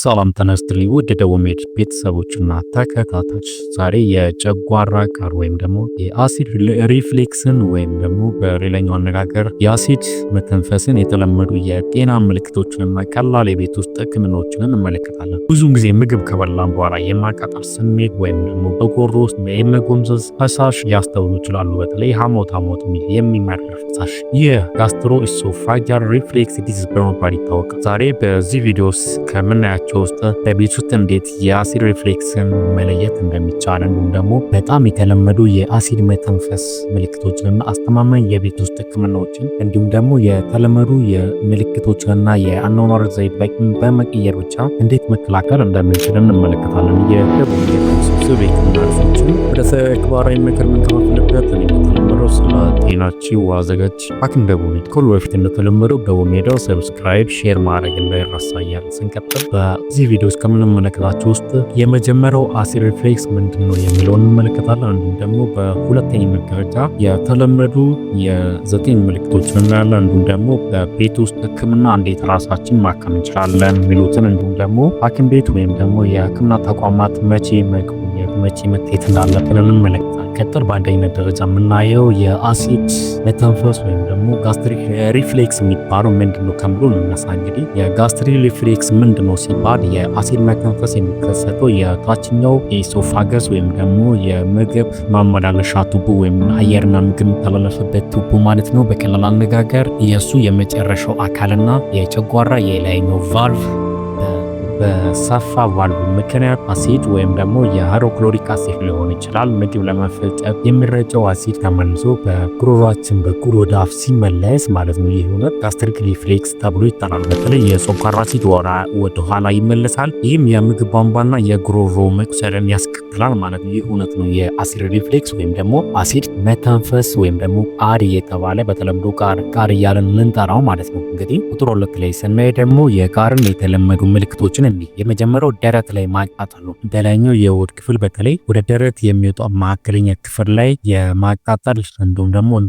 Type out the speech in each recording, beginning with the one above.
ሰላም ተነስተልኝ ውድ ደቡሜድ ቤተሰቦችና ተከታታች፣ ዛሬ የጨጓራ ቃር ወይም ደግሞ የአሲድ ሪፍሌክስን ወይም ደግሞ በሌላኛው አነጋገር የአሲድ መተንፈስን የተለመዱ የጤና ምልክቶችንና ቀላል የቤት ውስጥ ሕክምናዎችን እንመለከታለን። ብዙውን ጊዜ ምግብ ከበላን በኋላ የማቃጠል ስሜት ወይም ደግሞ በጎሮ ውስጥ የመጎምዘዝ ፈሳሽ ሊያስተውሉ ይችላሉ። በተለይ ሐሞት ሐሞት የሚል የሚመረር ፈሳሽ ይህ ጋስትሮ ኢሶፋጃል ሪፍሌክስ ዲዝ በመባል ይታወቃል። ዛሬ በዚህ ቪዲዮስ ከምናያቸው ከሚያደርጋቸው ውስጥ በቤት ውስጥ እንዴት የአሲድ ሪፍሌክስን መለየት እንደሚቻል እንዲሁም ደግሞ በጣም የተለመዱ የአሲድ መተንፈስ ምልክቶችንና አስተማማኝ የቤት ውስጥ ህክምናዎችን እንዲሁም ደግሞ የተለመዱ የምልክቶችንና የአኗኗር ዘይቤ በመቀየር ብቻ እንዴት መከላከል እንደምንችል እንመለከታለን። የደቡብ የቤት ርሶችን ወደ ተግባራዊ ምክር ምንከፋፍልበት እንደተለመደው ስለ ጤናችሁ አዘጋጅ ሐኪም ደቡብ ከሁሉ በፊት እንደተለመደው ደቡብ ሜዳው ሰብስክራይብ፣ ሼር ማድረግ እንዳይረሳ እያልን ስንቀጥል እዚህ ቪዲዮ ውስጥ ከምንመለከታቸው ውስጥ የመጀመሪያው አሲድ ሪፍሌክስ ምንድን ነው የሚለውን እንመለከታለን። እንዲሁም ደግሞ በሁለተኛ ደረጃ የተለመዱ የዘጠኝ ምልክቶችን እናያለን። እንዲሁም ደግሞ በቤት ውስጥ ሕክምና እንዴት ራሳችን ማከም እንችላለን የሚሉትን እንዲሁም ደግሞ ሐኪም ቤት ወይም ደግሞ የሕክምና ተቋማት መቼ መቆየት መቼ መታየት እንዳለብን እንመለከታለን። ሲቀጥል በአንደኝነት ደረጃ የምናየው የአሲድ መተንፈስ ወይም ደግሞ ጋስትሪክ ሪፍሌክስ የሚባለው ምንድነው ከምሎ እንነሳ። እንግዲህ የጋስትሪክ ሪፍሌክስ ምንድነው ሲባል የአሲድ መተንፈስ የሚከሰተው የታችኛው የኢሶፋገስ ወይም ደግሞ የምግብ ማመላለሻ ቱቦ ወይም አየርና ምግብ የሚተላለፍበት ቱቦ ማለት ነው። በቀላል አነጋገር የእሱ የመጨረሻው አካልና የጨጓራ የላይኛው ቫልቭ በሳፋ ቫልቭ ምክንያት አሲድ ወይም ደግሞ የሃይድሮክሎሪክ አሲድ ሊሆን ይችላል። ምግብ ለመፈጨት የሚረጨው አሲድ ተመልሶ በጉሮሯችን በኩል ወደ አፍ ሲመለስ ማለት ነው። ይህ ሁነት ጋስትሪክ ሪፍሌክስ ተብሎ ይጠራል። በተለይ የስኳር አሲድ ወደኋላ ይመለሳል። ይህም የምግብ ቧንቧና የጉሮሮ መቁሰልን ያስ ይከላከላል ማለት ነው። ይህ እውነት ነው። የአሲድ ሪፍሌክስ ወይም ደግሞ አሲድ መተንፈስ ወይም ደግሞ ቃር እየተባለ በተለምዶ ቃር ቃር እያለን ልንጠራው ማለት ነው። እንግዲህ ቁጥር ሁለት ላይ ስናይ ደግሞ የቃርን የተለመዱ ምልክቶችን እንዲህ የመጀመሪያው ደረት ላይ ማቃጠል ነው። ደላኛው የሆድ ክፍል በተለይ ወደ ደረት የሚወጣው መካከለኛ ክፍል ላይ የማቃጠል እንዲሁም ደግሞ እንደ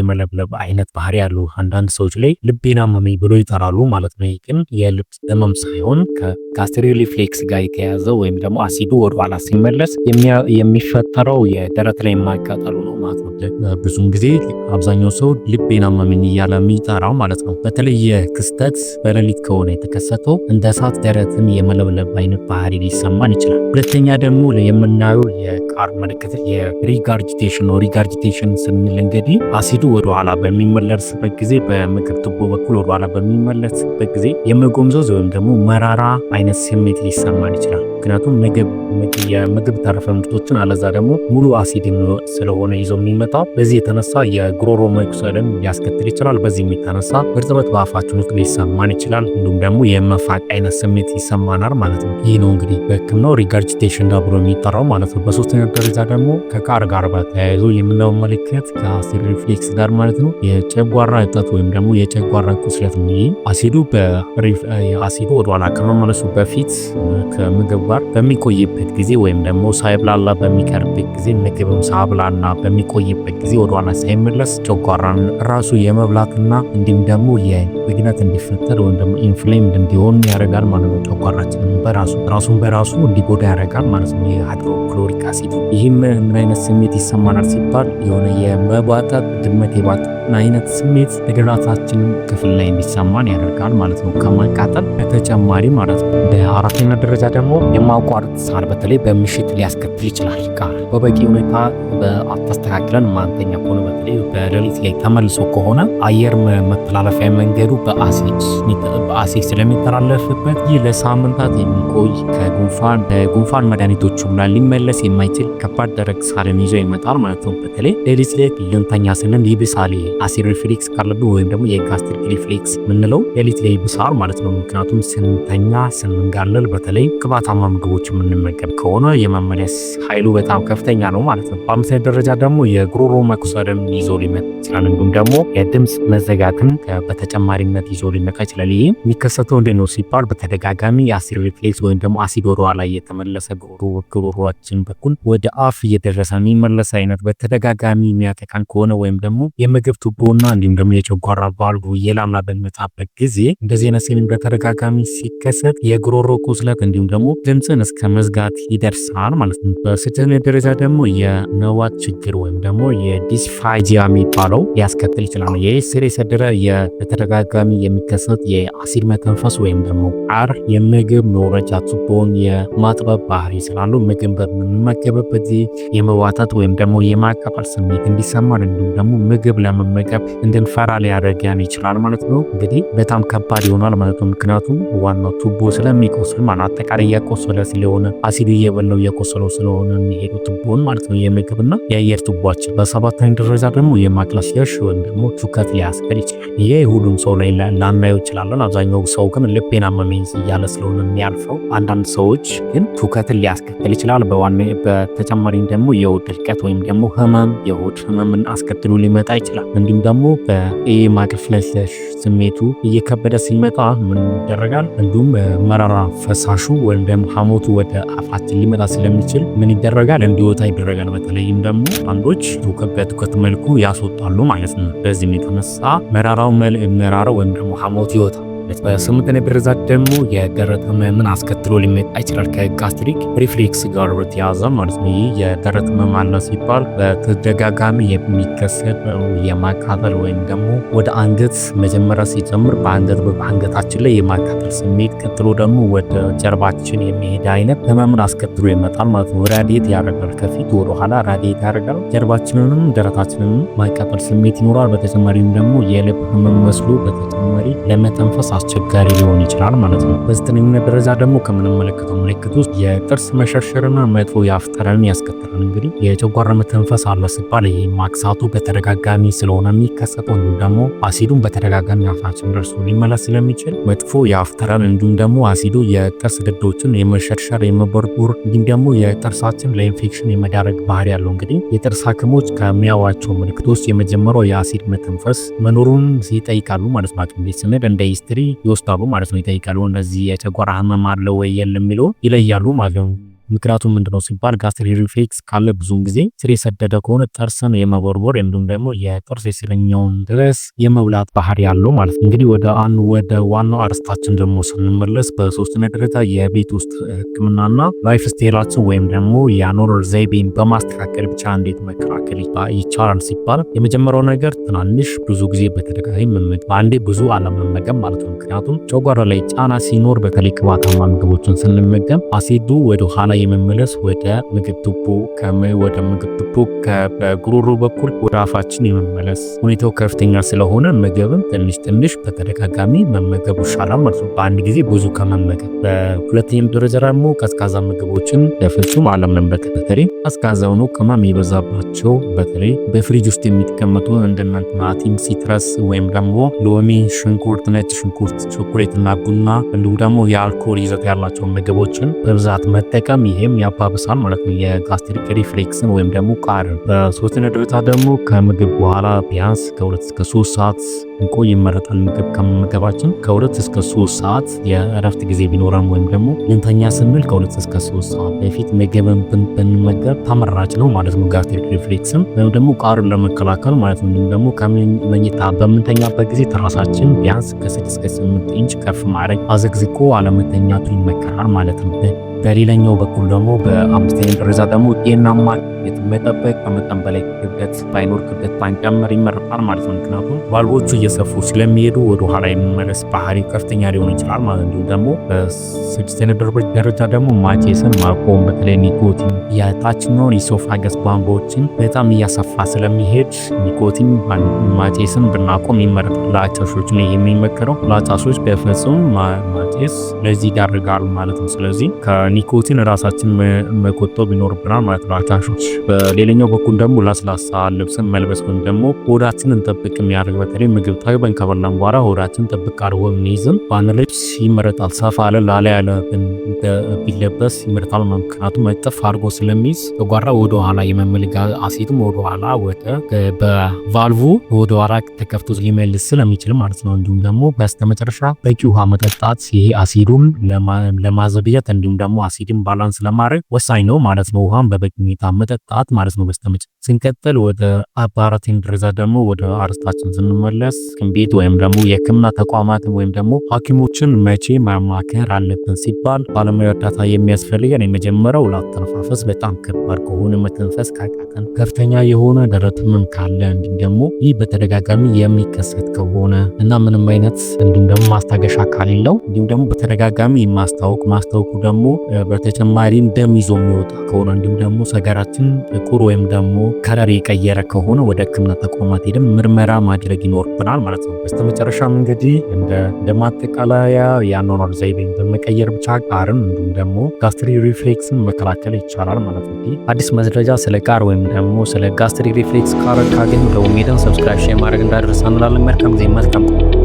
የመለብለብ አይነት ባህሪ ያሉ አንዳንድ ሰዎች ላይ ልቤና መሚ ብሎ ይጠራሉ ማለት ነው። ግን የልብ ህመም ሳይሆን ከጋስትሪክ ሪፍሌክስ ጋር የተያዘው ወይም ደግሞ አሲዱ ወደኋላ ሲመለስ ሲመለስ የሚፈጠረው የደረት ላይ የማይቃጠሉ ነው ማለት ነው። ጊዜ አብዛኛው ሰው ልቤን አመመኝ እያለ የሚጠራው ማለት ነው። በተለየ ክስተት በሌሊት ከሆነ የተከሰተው እንደ እሳት ደረትን የመለብለብ አይነት ባህሪ ሊሰማን ይችላል። ሁለተኛ ደግሞ የምናየው የቃር ምልክት የሪጋርጅቴሽን ነው። ስንል እንግዲህ አሲዱ ወደኋላ በሚመለስበት ጊዜ በምግብ ቱቦ በኩል ወደኋላ በሚመለስበት ጊዜ የመጎምዘዝ ወይም ደግሞ መራራ አይነት ስሜት ሊሰማን ይችላል። ምክንያቱም ምግብ ምግብ ተረፈ ምርቶችን አለዛ ደግሞ ሙሉ አሲድ ስለሆነ ይዞ የሚመጣ በዚህ የተነሳ የጉሮሮ መቁሰልን ሊያስከትል ይችላል። በዚህም የተነሳ እርጥበት በአፋችን ውስጥ ሊሰማን ይችላል። እንዲሁም ደግሞ የመፋቅ አይነት ስሜት ይሰማናል ማለት ነው። ይህ ነው እንግዲህ በሕክምናው ሪጋርጅቴሽን ብሎ የሚጠራው ማለት ነው። በሶስተኛ ደረጃ ደግሞ ከቃር ጋር በተያይዞ የምናየው ምልክት ከአሲድ ሪፍሌክስ ጋር ማለት ነው የጨጓራ እጠት ወይም ደግሞ የጨጓራ ቁስለት ነው። ይህ አሲዱ በአሲዱ ወደኋላ ከመመለሱ በፊት ከምግብ ጋር በሚቆይበት ጊዜ ወይም ደግሞ ደግሞ ሳይብላላ በሚቀርብበት ጊዜ ምግብም ሳብላና በሚቆይበት ጊዜ ወደኋላ ሳይመለስ ጨጓራን ራሱ የመብላትና እንዲሁም ደግሞ የብግነት እንዲፈጠር ወይም ደግሞ ኢንፍሌምድ እንዲሆን ያደርጋል ማለት ነው። ጨጓራችን በራሱ ራሱን በራሱ እንዲጎዳ ያደርጋል ማለት ነው። የሃይድሮክሎሪክ አሲድ ይህም ምን አይነት ስሜት ይሰማናል ሲባል የሆነ የመባጠጥ ድመት የባጠጥ አይነት ስሜት እግራታችንን ክፍል ላይ እንዲሰማን ያደርጋል ማለት ነው። ከማቃጠል በተጨማሪ ማለት ነው። በአራተኛ ደረጃ ደግሞ የማቋረጥ ሳል በተለይ በምሽት ሊያስከትል ይችላል። በበቂ ሁኔታ በአታስተካክለን ማንተኛ ከሆነ በተለይ በሌሊት ላይ ተመልሶ ከሆነ አየር መተላለፊያ መንገዱ በአሲድ ስለሚተላለፍበት ይህ ለሳምንታት የሚቆይ ከጉንፋን በጉንፋን መድኃኒቶቹ ላይ ሊመለስ የማይችል ከባድ ደረቅ ሳልን ይዞ ይመጣል ማለት ነው። በተለይ ሌሊት ላይ ልንተኛ ስንል ይብሳል። አሲድ ሪፍሌክስ ካለብን ወይም ደግሞ የጋስትሪክ ሪፍሌክስ የምንለው ሌሊት ላይ ብሳር ማለት ነው። ምክንያቱም ስንተኛ ስንጋለል፣ በተለይ ቅባታማ ምግቦች የምንመገብ ከሆነ የመመለስ ኃይሉ በጣም ከፍተኛ ነው ማለት ነው። በአምስተኛ ደረጃ ደግሞ የጉሮሮ መቁሰልም ይዞ ሊመጣ ይችላል። እንዲሁም ደግሞ የድምፅ መዘጋትም በተጨማሪነት ይዞ ሊመጣ ይችላል። ይህም የሚከሰተው እንዴት ነው ሲባል በተደጋጋሚ የአሲድ ሪፍሌክስ ወይም ደግሞ አሲድ ወደዋ ላይ የተመለሰ ጉሮሮችን በኩል ወደ አፍ እየደረሰ የሚመለስ አይነት በተደጋጋሚ የሚያጠቃን ከሆነ ወይም ደግሞ የምግብ ቱቦና እንዲሁም ደግሞ የጨጓራ ቫልቭ የላምና በሚመጣበት ጊዜ እንደዚህ አይነት ስሜት በተደጋጋሚ ሲከሰት የጉሮሮ ቁስለት እንዲሁም ደግሞ ድምፅን እስከ መዝጋት ይደርሳል ማለት ነው። በስድስተኛ ደረጃ ደግሞ የነዋት ችግር ወይም ደግሞ የዲስፋጂያ የሚባለው ሊያስከትል ይችላል። ይህ ስር የሰደረ በተደጋጋሚ የሚከሰት የአሲድ መተንፈስ ወይም ደግሞ አር የምግብ መውረጃ ቱቦን የማጥበብ ባህሪ ስላሉ ምግብ በምንመገብበት የመዋታት ወይም ደግሞ የማቀፋል ስሜት እንዲሰማል እንዲሁም ደግሞ ምግብ ለመ መመገብ እንድንፈራ ሊያደርገን ይችላል ማለት ነው። እንግዲህ በጣም ከባድ ይሆናል ማለት ነው። ምክንያቱም ዋናው ቱቦ ስለሚቆስል ማለት አጠቃላይ እያቆሰለ ስለሆነ አሲድ እየበላው እያቆሰለው ስለሆነ የሚሄዱ ቱቦን ማለት ነው የምግብና የአየር ቱቧችን። በሰባተኛ ደረጃ ደግሞ የማቅለሽለሽ ወይም ደግሞ ቱከት ሊያስገድ ይችላል። ይሄ ሁሉም ሰው ላይ ላናየው ይችላለን። አብዛኛው ሰው ግን ልቤን አመመኝ እያለ ስለሆነ የሚያልፈው፣ አንዳንድ ሰዎች ግን ቱከትን ሊያስከትል ይችላል። በተጨማሪም ደግሞ የሆድ ድርቀት ወይም ደግሞ ህመም የሆድ ህመምን አስከትሎ ሊመጣ ይችላል። እንዲሁም ደግሞ በኤ ማቅለሽለሽ ስሜቱ እየከበደ ሲመጣ ምን ይደረጋል? እንዲሁም መራራ ፈሳሹ ወይም ደግሞ ሐሞቱ ወደ አፋችን ሊመጣ ስለሚችል ምን ይደረጋል? እንዲወጣ ይደረጋል። በተለይም ደግሞ አንዶች በትኩረት መልኩ ያስወጣሉ ማለት ነው። በዚህም የተነሳ መራራው መራራው ወይም ደግሞ ሐሞት ይወጣል። በስምንተኛ ደረጃ ደግሞ የደረት ህመምን አስከትሎ ሊመጣ ይችላል። ከጋስትሪክ ሪፍሌክስ ጋር በተያያዘ ማለት ነው። ይህ የደረት ህመም አለ ሲባል በተደጋጋሚ የሚከሰት የማቃጠል ወይም ደግሞ ወደ አንገት መጀመሪያ ሲጀምር በአንገት በአንገታችን ላይ የማቃጠል ስሜት ቀጥሎ ደግሞ ወደ ጀርባችን የሚሄድ አይነት ህመምን አስከትሎ ይመጣል ማለት ነው። ራዲየት ያደርጋል፣ ከፊት ወደ ኋላ ራዲየት ያደርጋል። ጀርባችንንም ደረታችንንም ማቃጠል ስሜት ይኖራል። በተጨማሪም ደግሞ የልብ ህመም መስሎ በተጨማሪ ለመተንፈስ አስቸጋሪ ሊሆን ይችላል ማለት ነው። በዘጠነኝነት ደረጃ ደግሞ ከምንመለከተው ምልክት ውስጥ የጥርስ መሸርሸርና መጥፎ የአፍ ጠረንን ያስከትላል። እንግዲህ የጨጓራ መተንፈስ አለ ሲባል ይህ ማክሳቱ በተደጋጋሚ ስለሆነ የሚከሰተው እንዲሁም ደግሞ አሲዱን በተደጋጋሚ አፋችን ደርሶ ሊመለስ ስለሚችል መጥፎ የአፍ ጠረን እንዲሁም ደግሞ አሲዱ የጥርስ ግዶችን የመሸርሸር የመቦርቦር እንዲሁም ደግሞ የጥርሳችን ለኢንፌክሽን የመዳረግ ባህሪ ያለው እንግዲህ የጥርስ ሐኪሞች ከሚያዋቸው ምልክቶች የመጀመሪያው የአሲድ መተንፈስ መኖሩን ይጠይቃሉ ማለት ናቸው። እንዴት ስንል እንደ ሂስትሪ ይወስዳሉ ማለት ነው ይጠይቃሉ። እነዚህ የጨጓራ ህመም አለ ወይ የለም የሚለው ይለያሉ ማለት ነው። ምክንያቱም ምንድነው ሲባል ጋስትሪክ ሪፍሌክስ ካለ ብዙውን ጊዜ ስር የሰደደ ከሆነ ጥርስን የመቦርቦር እንዲሁም ደግሞ የጥርስ የስለኛውን ድረስ የመብላት ባህሪ ያለው ማለት ነው። እንግዲህ ወደ አን ወደ ዋናው አርስታችን ደግሞ ስንመለስ በሶስተኛ ደረጃ የቤት ውስጥ ሕክምናና ላይፍ ስቴላችን ወይም ደግሞ የአኖር ዘይቤን በማስተካከል ብቻ እንዴት መከላከል ይቻላል ሲባል የመጀመሪያው ነገር ትናንሽ ብዙ ጊዜ በተደጋጋሚ መመገብ፣ በአንዴ ብዙ አለመመገብ ማለት ነው። ምክንያቱም ጨጓራ ላይ ጫና ሲኖር በተለይ ቅባታማ ምግቦችን ስንመገብ አሲዱ ወደ ኋላ ላይ የመመለስ ወደ ምግብ ቱቦ ወደ ምግብ ቱቦ በጉሮሮ በኩል ወደ አፋችን የመመለስ ሁኔታው ከፍተኛ ስለሆነ ምግብም ትንሽ ትንሽ በተደጋጋሚ መመገብ ይሻላል ማለት ነው። በአንድ ጊዜ ብዙ ከመመገብ። በሁለተኛም ደረጃ ደግሞ ቀዝቃዛ ምግቦችን ለፍጹም አለመንበት። በተለይ ቀዝቃዛ ሆኖ ቅመም የበዛባቸው በተለይ በፍሪጅ ውስጥ የሚቀመጡ እንደነ ቲማቲም፣ ሲትረስ ወይም ደግሞ ሎሚ፣ ሽንኩርት፣ ነጭ ሽንኩርት፣ እና ቡና እንዲሁም ደግሞ የአልኮል ይዘት ያላቸው ምግቦችን በብዛት መጠቀም ይሄም ያባብሳል ማለት ነው የጋስትሪክ ሪፍሌክስን ወይም ደግሞ ቃርን። በሶስተኛ ደረጃ ደግሞ ከምግብ በኋላ ቢያንስ ከሁለት እስከ ሶስት ሰዓት እንቆይ ይመረጣል። ምግብ ከመመገባችን ከሁለት እስከ ሶስት ሰዓት የእረፍት ጊዜ ቢኖረን ወይም ደግሞ ልንተኛ ስንል ከሁለት እስከ ሶስት ሰዓት በፊት ምግብን ብንመገብ ተመራጭ ነው ማለት ነው። ጋስትሪክ ሪፍሌክስን ወይም ደግሞ ቃርን ለመከላከል ማለት ነው። ደግሞ ከመኝታ በምንተኛበት ጊዜ ትራሳችን ቢያንስ ከስድስት ከስምንት ኢንች ከፍ ማድረግ አዘግዝቆ አለመተኛቱ ይመከራል ማለት ነው። በሌላኛው በኩል ደግሞ በአምስተኛ ደረጃ ደግሞ ጤናማ ክብደት መጠበቅ ከመጠን በላይ ክብደት ባይኖር ክብደት ባንጨምር ይመረጣል ማለት ነው። ምክንያቱም ቫልቮቹ እየሰፉ ስለሚሄዱ ወደ ኋላ የመመለስ ባህሪ ከፍተኛ ሊሆን ይችላል ማለት እንዲሁም ደግሞ በስድስተኛ ደረጃ ደግሞ ማጨስን ማቆም፣ በተለይ ኒኮቲን የታችኛውን ኢሶፋገስ ቧንቧዎችን በጣም እያሰፋ ስለሚሄድ ኒኮቲን ማጨስን ብናቆም ይመረጣል። ለአጫሾች ነው የሚመከረው። ለአጫሾች በፍጹም ማጨስ ለዚህ ይዳርጋሉ ማለት ነው። ስለዚህ ከኒኮቲን ራሳችን መቆጠብ ይኖርብናል ማለት ነው አታሾች በሌላኛው በኩል ደግሞ ላስላሳ ልብስን መልበስ ወይም ደግሞ ሆዳችንን ጠብቅ የሚያደርግ በተለይ ምግብ ታይበን ከበላን በኋላ ሆዳችን ጠብቅ አድርጎ የሚይዝም በአንድ ልብስ ይመረጣል። ሰፋ አለ ላለ ያለ ቢለበስ ይመረጣል። ምክንያቱም መጠፍ አድርጎ ስለሚይዝ ተጓራ ወደ ኋላ የመመልጋ አሴትም ወደ ኋላ ወደ በቫልቭ ወደ ኋላ ተከፍቶ ሊመልስ ስለሚችል ማለት ነው። እንዲሁም ደግሞ በስተመጨረሻ በቂ ውሃ መጠጣት ይሄ አሲዱም ለማዘብየት እንዲሁም ደግሞ ደግሞ አሲድን ባላንስ ለማድረግ ወሳኝ ነው ማለት ነው። ውሃን በበቂ ሁኔታ መጠጣት ማለት ነው። በስተመጨ ስንቀጥል ወደ አባራት እንደረዛ ደግሞ ወደ አርስታችን ስንመለስ ቤት ወይም ደግሞ የሕክምና ተቋማትን ወይም ደግሞ ሐኪሞችን መቼ ማማከር አለብን ሲባል ባለሙያ እርዳታ የሚያስፈልገን የመጀመሪያው ላተነፋፈስ በጣም ከባድ ከሆነ መተንፈስ ካቃተን፣ ከፍተኛ የሆነ ደረት ህመም ካለ እንዲሁም ደግሞ ይህ በተደጋጋሚ የሚከሰት ከሆነ እና ምንም አይነት እንዲሁም ደግሞ ማስታገሻ ካሌለው እንዲሁም ደግሞ በተደጋጋሚ ማስታወክ ማስታወኩ ደግሞ በተጨማሪም ደም ይዞ የሚወጣ ከሆነ እንዲሁም ደግሞ ሰገራችን ጥቁር ወይም ደግሞ ከለር የቀየረ ከሆነ ወደ ህክምና ተቋማት ሄደን ምርመራ ማድረግ ይኖርብናል ማለት ነው። በስተመጨረሻም እንግዲህ እንደ ማጠቃለያ የአኗኗር ዘይቤን በመቀየር ብቻ ቃርን እንዲሁም ደግሞ ጋስትሪ ሪፍሌክስን መከላከል ይቻላል ማለት ነው። አዲስ መረጃ ስለ ቃር ወይም ደግሞ ስለ ጋስትሪ ሪፍሌክስ ቃር ካገኙ ደቡሜዳን ሰብስክራይብ ማድረግ እንዳደረሳ እንላለን። መልካም ጊዜ መልካም